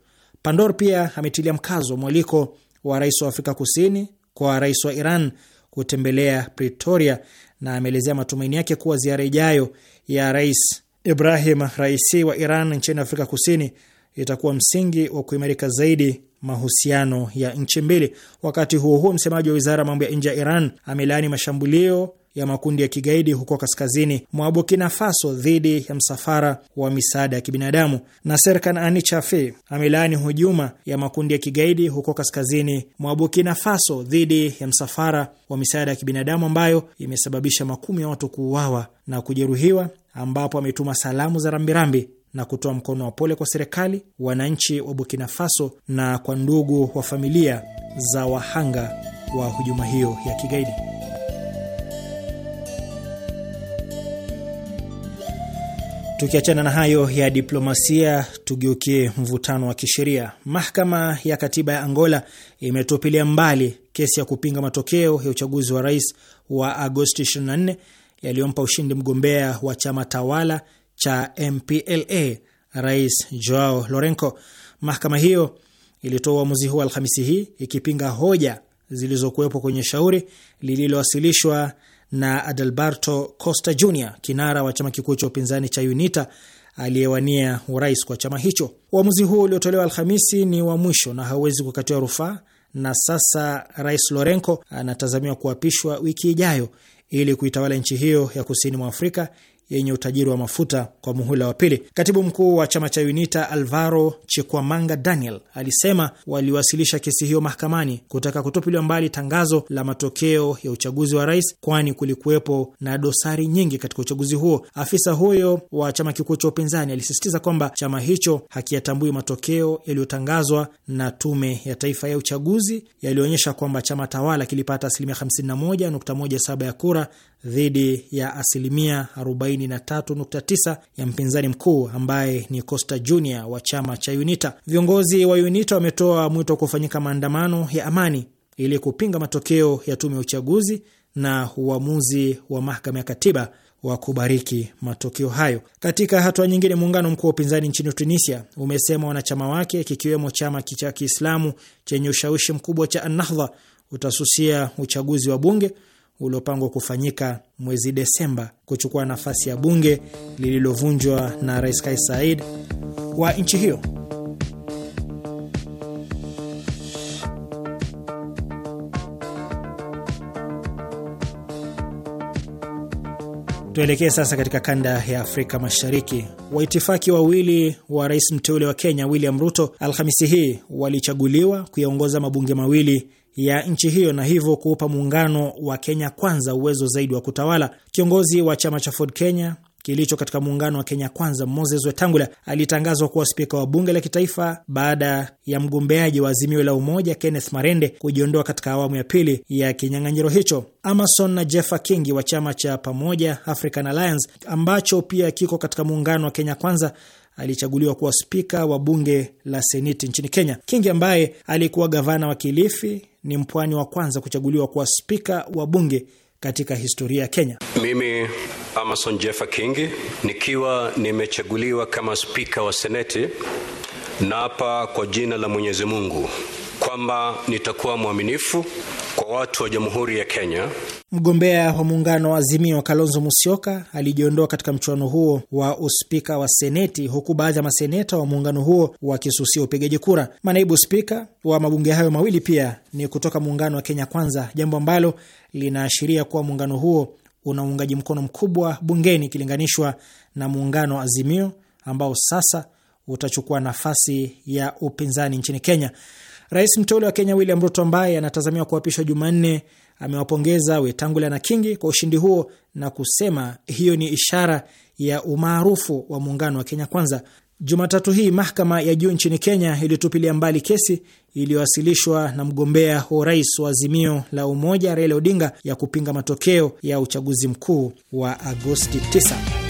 Pandor pia ametilia mkazo mwaliko wa rais wa Afrika Kusini kwa rais wa Iran kutembelea Pretoria na ameelezea matumaini yake kuwa ziara ijayo ya rais Ibrahim Raisi wa Iran nchini Afrika Kusini itakuwa msingi wa kuimarika zaidi mahusiano ya nchi mbili. Wakati huo huo, msemaji wa wizara ya mambo ya nje ya Iran amelaani mashambulio ya makundi ya kigaidi huko kaskazini mwa Burkina Faso dhidi ya msafara wa misaada ya kibinadamu. Na Serkan Ani amelaani hujuma ya makundi ya kigaidi huko kaskazini mwa Burkina Faso dhidi ya msafara wa misaada ya kibinadamu ambayo imesababisha makumi ya watu kuuawa na kujeruhiwa, ambapo ametuma salamu za rambirambi na kutoa mkono wa pole kwa serikali, wananchi wa Burkina Faso na kwa ndugu wa familia za wahanga wa hujuma hiyo ya kigaidi. Tukiachana na hayo ya diplomasia, tugeukie mvutano wa kisheria. Mahakama ya katiba ya Angola imetupilia mbali kesi ya kupinga matokeo ya uchaguzi wa rais wa Agosti 24 yaliyompa ushindi mgombea wa chama tawala cha MPLA Rais Joao Lorenco. Mahakama hiyo ilitoa uamuzi huo Alhamisi hii ikipinga hoja zilizokuwepo kwenye shauri lililowasilishwa na Adalberto Costa Jr, kinara wa chama kikuu cha upinzani cha UNITA aliyewania urais kwa chama hicho. Uamuzi huo uliotolewa Alhamisi ni wa mwisho na hauwezi kukatiwa rufaa, na sasa Rais Lorenco anatazamiwa kuapishwa wiki ijayo ili kuitawala nchi hiyo ya kusini mwa Afrika yenye utajiri wa mafuta kwa muhula wa pili. Katibu mkuu wa chama cha UNITA Alvaro Chikwamanga Daniel alisema waliwasilisha kesi hiyo mahakamani kutaka kutupiliwa mbali tangazo la matokeo ya uchaguzi wa rais, kwani kulikuwepo na dosari nyingi katika uchaguzi huo. Afisa huyo wa chama kikuu cha upinzani alisisitiza kwamba chama hicho hakiyatambui matokeo yaliyotangazwa na Tume ya Taifa ya Uchaguzi yaliyoonyesha kwamba chama tawala kilipata asilimia 51.17 ya kura dhidi ya asilimia 43.9 ya mpinzani mkuu ambaye ni Costa Junior wa chama cha UNITA. Viongozi wa UNITA wametoa mwito wa kufanyika maandamano ya amani ili kupinga matokeo ya tume ya uchaguzi na uamuzi wa mahakama ya katiba wa kubariki matokeo hayo. Katika hatua nyingine, muungano mkuu wa upinzani nchini Tunisia umesema wanachama wake kikiwemo chama cha Kiislamu chenye ushawishi mkubwa cha Annahdha utasusia uchaguzi wa bunge uliopangwa kufanyika mwezi Desemba kuchukua nafasi ya bunge lililovunjwa na Rais Kais Saied wa nchi hiyo. Tuelekee sasa katika kanda ya Afrika Mashariki. Waitifaki wawili wa rais mteule wa Kenya William Ruto Alhamisi hii walichaguliwa kuyaongoza mabunge mawili ya nchi hiyo na hivyo kuupa muungano wa Kenya Kwanza uwezo zaidi wa kutawala. Kiongozi wa chama cha Ford Kenya kilicho katika muungano wa Kenya Kwanza, Moses Wetangula alitangazwa kuwa spika wa bunge la kitaifa baada ya mgombeaji wa Azimio la Umoja Kenneth Marende kujiondoa katika awamu ya pili ya kinyang'anyiro hicho. Amason na Jeffa Kingi wa chama cha Pamoja African Alliance ambacho pia kiko katika muungano wa Kenya Kwanza alichaguliwa kuwa spika wa bunge la seneti nchini Kenya. Kingi ambaye alikuwa gavana wa Kilifi ni mpwani wa kwanza kuchaguliwa kuwa spika wa bunge katika historia ya Kenya. Mimi Amason Jeffa Kingi nikiwa nimechaguliwa kama spika wa seneti, naapa kwa jina la Mwenyezi Mungu kwamba nitakuwa mwaminifu kwa watu wa Jamhuri ya Kenya. Mgombea wa muungano wa Azimio Kalonzo Musyoka alijiondoa katika mchuano huo wa uspika wa Seneti, huku baadhi ya maseneta wa muungano huo wakisusia upigaji kura. Manaibu spika wa mabunge hayo mawili pia ni kutoka muungano wa Kenya Kwanza, jambo ambalo linaashiria kuwa muungano huo una uungaji mkono mkubwa bungeni ikilinganishwa na muungano wa Azimio ambao sasa utachukua nafasi ya upinzani nchini Kenya. Rais mteule wa Kenya William Ruto ambaye anatazamiwa kuapishwa Jumanne amewapongeza Wetangula na Kingi kwa ushindi huo na kusema hiyo ni ishara ya umaarufu wa muungano wa Kenya Kwanza. Jumatatu hii mahakama ya juu nchini Kenya ilitupilia mbali kesi iliyowasilishwa na mgombea wa urais wa Azimio la Umoja Raila Odinga ya kupinga matokeo ya uchaguzi mkuu wa Agosti 9.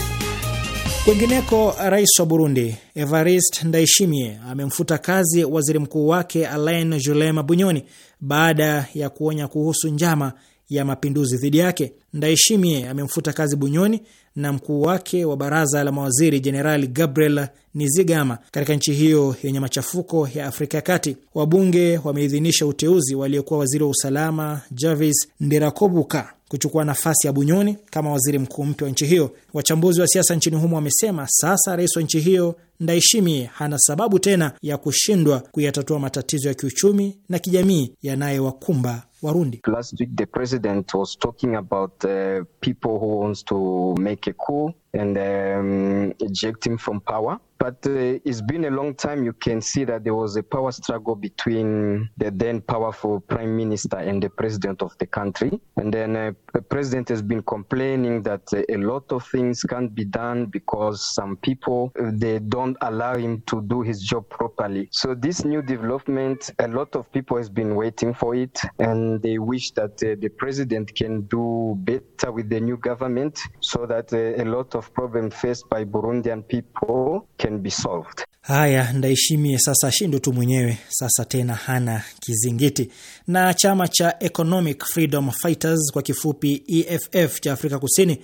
Kwengineko, rais wa Burundi evarist ndaishimie amemfuta kazi waziri mkuu wake Alain Julema Bunyoni baada ya kuonya kuhusu njama ya mapinduzi dhidi yake. ndaishimie amemfuta kazi Bunyoni na mkuu wake wa baraza la mawaziri Jenerali Gabriel Nizigama katika nchi hiyo yenye machafuko ya Afrika ya Kati. Wabunge wameidhinisha uteuzi waliokuwa waziri wa usalama Javis Nderakobuka kuchukua nafasi ya Bunyoni kama waziri mkuu mpya wa nchi hiyo. Wachambuzi wa siasa nchini humo wamesema sasa rais wa nchi hiyo Ndaishimie hana sababu tena ya kushindwa kuyatatua matatizo ya kiuchumi na kijamii yanayowakumba Warundi. Last week the president was talking about uh, people who wants to make a coup and um, eject him from power. But uh, it's been a long time you can see that there was a power struggle between the then powerful prime minister and the president of the country. And then uh, the president has been complaining that a lot of things can't be done because some people they don't won't allow him to do his job properly. So this new development, a lot of people has been waiting for it, and they wish that uh, the president can do better with the new government, so that uh, a lot of problems faced by Burundian people can be solved. Haya, ndaishimie sasa shindo tu mwenyewe sasa, tena hana kizingiti. Na chama cha Economic Freedom Fighters kwa kifupi EFF cha Afrika Kusini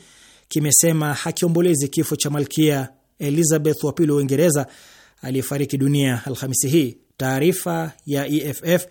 kimesema hakiombolezi kifo cha Malkia Elizabeth wa pili wa Uingereza aliyefariki dunia Alhamisi hii. Taarifa ya EFF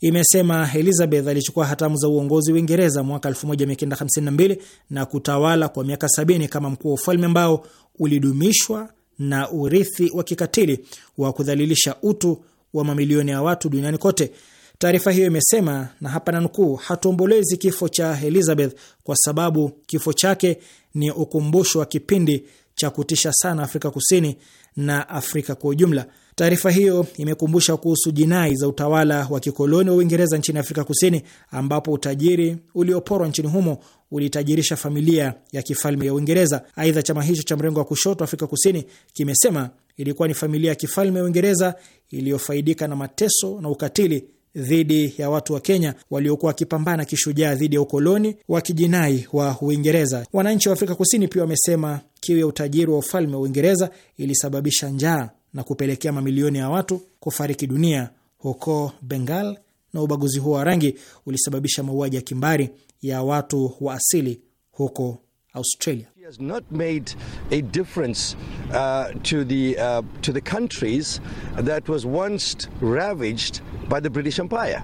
imesema Elizabeth alichukua hatamu za uongozi Uingereza mwaka 1952 na kutawala kwa miaka 70 kama mkuu wa ufalme ambao ulidumishwa na urithi wa kikatili wa kudhalilisha utu wa mamilioni ya watu duniani kote. Taarifa hiyo imesema, na hapa na nukuu, hatuombolezi kifo cha Elizabeth kwa sababu kifo chake ni ukumbusho wa kipindi cha kutisha sana Afrika Kusini na Afrika kwa ujumla. Taarifa hiyo imekumbusha kuhusu jinai za utawala wa kikoloni wa Uingereza nchini Afrika Kusini, ambapo utajiri ulioporwa nchini humo ulitajirisha familia ya kifalme ya Uingereza. Aidha, chama hicho cha mrengo wa kushoto Afrika Kusini kimesema ilikuwa ni familia ya kifalme ya Uingereza iliyofaidika na mateso na ukatili dhidi ya watu wa Kenya waliokuwa wakipambana kishujaa dhidi ya ukoloni wa kijinai wa Uingereza. Wananchi wa Afrika Kusini pia wamesema kiu ya utajiri wa ufalme wa Uingereza ilisababisha njaa na kupelekea mamilioni ya watu kufariki dunia huko Bengal, na ubaguzi huo wa rangi ulisababisha mauaji ya kimbari ya watu wa asili huko Australia. has not made a difference uh, to the uh, to the countries that was once ravaged by the British Empire.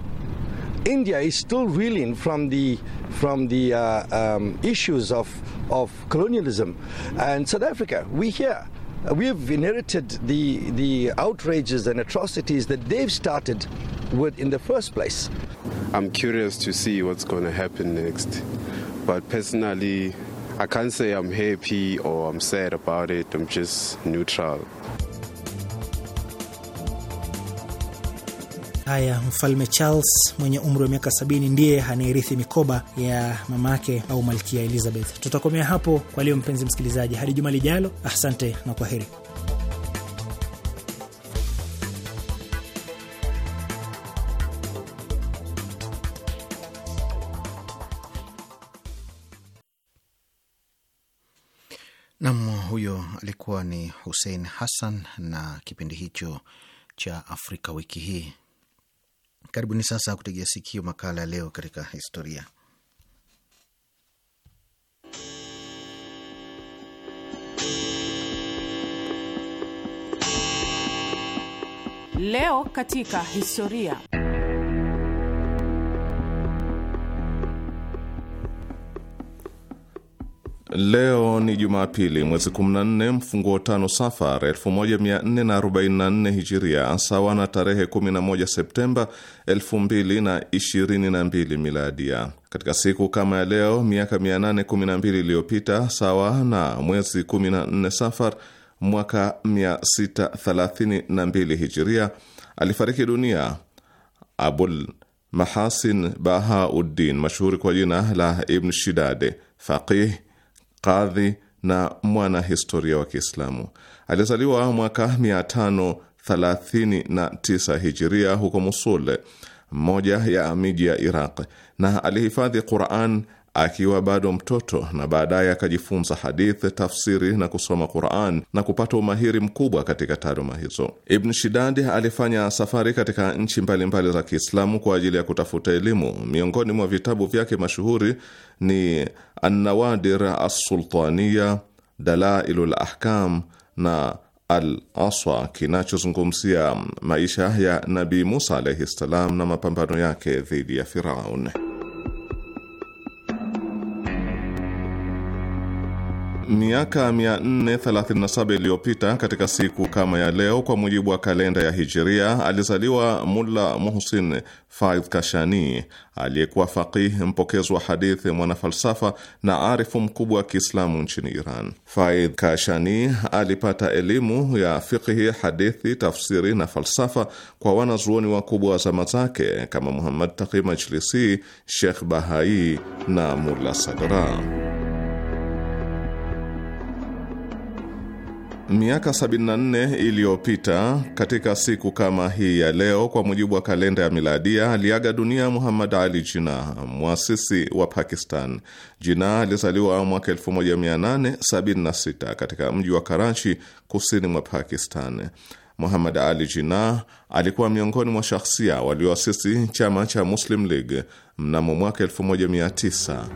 India is still reeling from the from the uh, um, issues of of colonialism, and South Africa. We here. Uh, We've inherited the, the outrages and atrocities that they've started with in the first place. I'm curious to see what's going to happen next. But personally, I can't say I'm happy or I'm sad about it. I'm just neutral. Haya, Mfalme Charles mwenye umri wa miaka sabini ndiye anayerithi mikoba ya mamake au Malkia Elizabeth. Tutakomea hapo kwa leo, mpenzi msikilizaji, hadi juma lijalo. Asante na kwa heri. huyo alikuwa ni Hussein Hassan na kipindi hicho cha Afrika wiki hii. Karibuni sasa kutegea sikio makala ya leo katika historia. Leo katika historia Leo ni Jumapili, mwezi 14 mfunguo tano Safar 1444 Hijiria, sawa na tarehe 11 Septemba 2022 Miladia. Katika siku kama ya leo miaka 812 iliyopita, sawa na mwezi 14 Safar mwaka 632 Hijiria, alifariki dunia Abul Mahasin Bahauddin, mashuhuri kwa jina la Ibn Shidade, faqih kadhi na mwanahistoria wa Kiislamu. Alizaliwa mwaka 539 hijiria huko musul mmoja ya miji ya Iraq, na alihifadhi Quran akiwa bado mtoto na baadaye akajifunza hadith, tafsiri na kusoma Quran na kupata umahiri mkubwa katika taaluma hizo. Ibn shidad alifanya safari katika nchi mbalimbali za Kiislamu kwa ajili ya kutafuta elimu. Miongoni mwa vitabu vyake mashuhuri ni Annawadir Assultania, Dalailu Lahkam na Al Aswa kinachozungumzia maisha ya Nabii Musa alaihi ssalam na mapambano yake dhidi ya Firaun. miaka 437 iliyopita katika siku kama ya leo, kwa mujibu wa kalenda ya Hijiria, alizaliwa Mulla Muhsin Faidh Kashani aliyekuwa faqih, mpokezi wa hadithi, mwanafalsafa na arifu mkubwa wa Kiislamu nchini Iran. Faidh Kashani alipata elimu ya fiqhi, hadithi, tafsiri na falsafa kwa wanazuoni wakubwa wa zama zake kama Muhammad Taqi Majlisi, Sheikh Bahai na Mulla Sadra. Miaka 74 iliyopita katika siku kama hii ya leo, kwa mujibu wa kalenda ya miladia, aliaga dunia Muhammad Ali Jinnah, mwasisi wa Pakistan. Jinnah alizaliwa mwaka 1876 katika mji wa Karachi, kusini mwa Pakistan. Muhammad Ali Jinnah alikuwa miongoni mwa shakhsia walioasisi chama cha Muslim League mnamo mwaka 1906.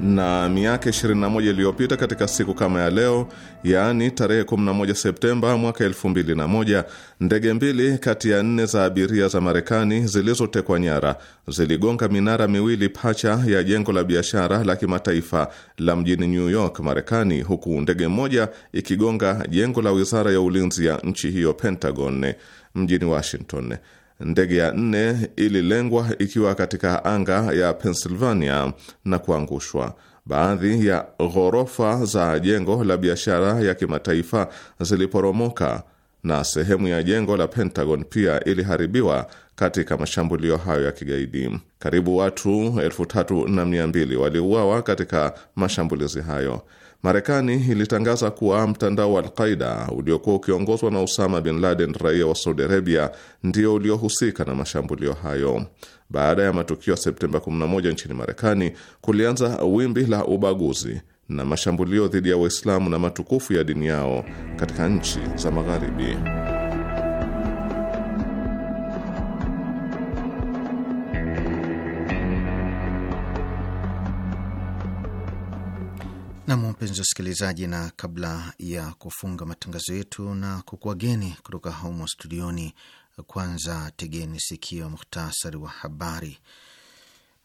na miaka 21 iliyopita katika siku kama ya leo, yaani tarehe 11 Septemba mwaka 2001, ndege mbili kati ya nne za abiria za Marekani zilizotekwa nyara ziligonga minara miwili pacha ya jengo la biashara la kimataifa la mjini New York, Marekani, huku ndege moja ikigonga jengo la wizara ya ulinzi ya nchi hiyo, Pentagon, mjini Washington. Ndege ya nne ililengwa ikiwa katika anga ya Pennsylvania na kuangushwa. Baadhi ya ghorofa za jengo la biashara ya kimataifa ziliporomoka na sehemu ya jengo la Pentagon pia iliharibiwa katika mashambulio hayo ya kigaidi. Karibu watu elfu tatu na mia mbili waliuawa katika mashambulizi hayo. Marekani ilitangaza kuwa mtandao wa Alqaida uliokuwa ukiongozwa na Usama bin Laden, raia wa Saudi Arabia, ndio uliohusika na mashambulio hayo. Baada ya matukio ya Septemba 11 nchini Marekani, kulianza wimbi la ubaguzi na mashambulio dhidi ya Waislamu na matukufu ya dini yao katika nchi za Magharibi. Nam, mpenzi msikilizaji, na kabla ya kufunga matangazo yetu na kukuageni kutoka humo studioni, kwanza tegeni sikio muhtasari wa habari.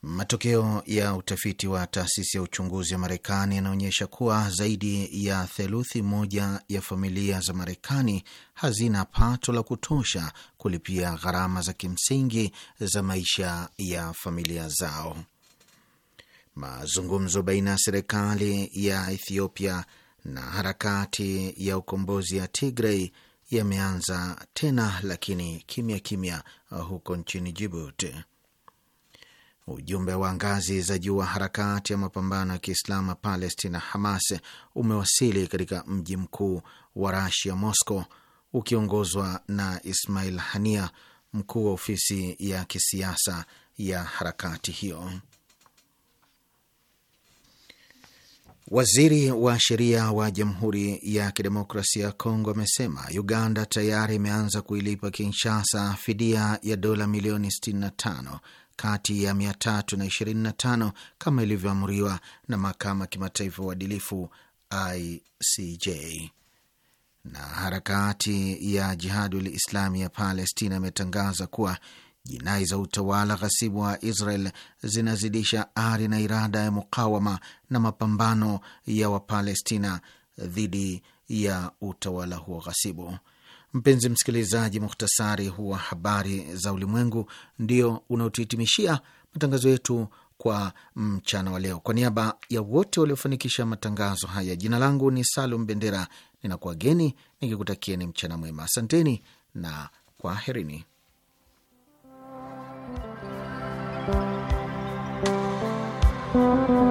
Matokeo ya utafiti wa taasisi ya uchunguzi ya Marekani yanaonyesha kuwa zaidi ya theluthi moja ya familia za Marekani hazina pato la kutosha kulipia gharama za kimsingi za maisha ya familia zao mazungumzo baina ya serikali ya Ethiopia na harakati ya ukombozi ya Tigray yameanza tena, lakini kimya kimya uh, huko nchini jibuti Ujumbe wa ngazi za juu wa harakati ya mapambano ya Kiislamu ya Palestina, Hamas, umewasili katika mji mkuu wa Rasia, Moscow, ukiongozwa na Ismail Hania, mkuu wa ofisi ya kisiasa ya harakati hiyo. Waziri wa sheria wa Jamhuri ya Kidemokrasia ya Kongo amesema Uganda tayari imeanza kuilipa Kinshasa fidia ya dola milioni 65 kati ya 325 kama ilivyoamriwa na Mahakama Kimataifa Uadilifu ICJ. Na harakati ya Jihadul Islami ya Palestina imetangaza kuwa Jinai za utawala ghasibu wa Israel zinazidisha ari na irada ya mukawama na mapambano ya Wapalestina dhidi ya utawala huo ghasibu. Mpenzi msikilizaji, muhtasari huu wa habari za ulimwengu ndio unaotuhitimishia matangazo yetu kwa mchana wa leo. Kwa niaba ya wote waliofanikisha matangazo haya, jina langu ni Salum Bendera, ninakuwageni nikikutakieni mchana mwema. Asanteni na kwaherini. Thank you.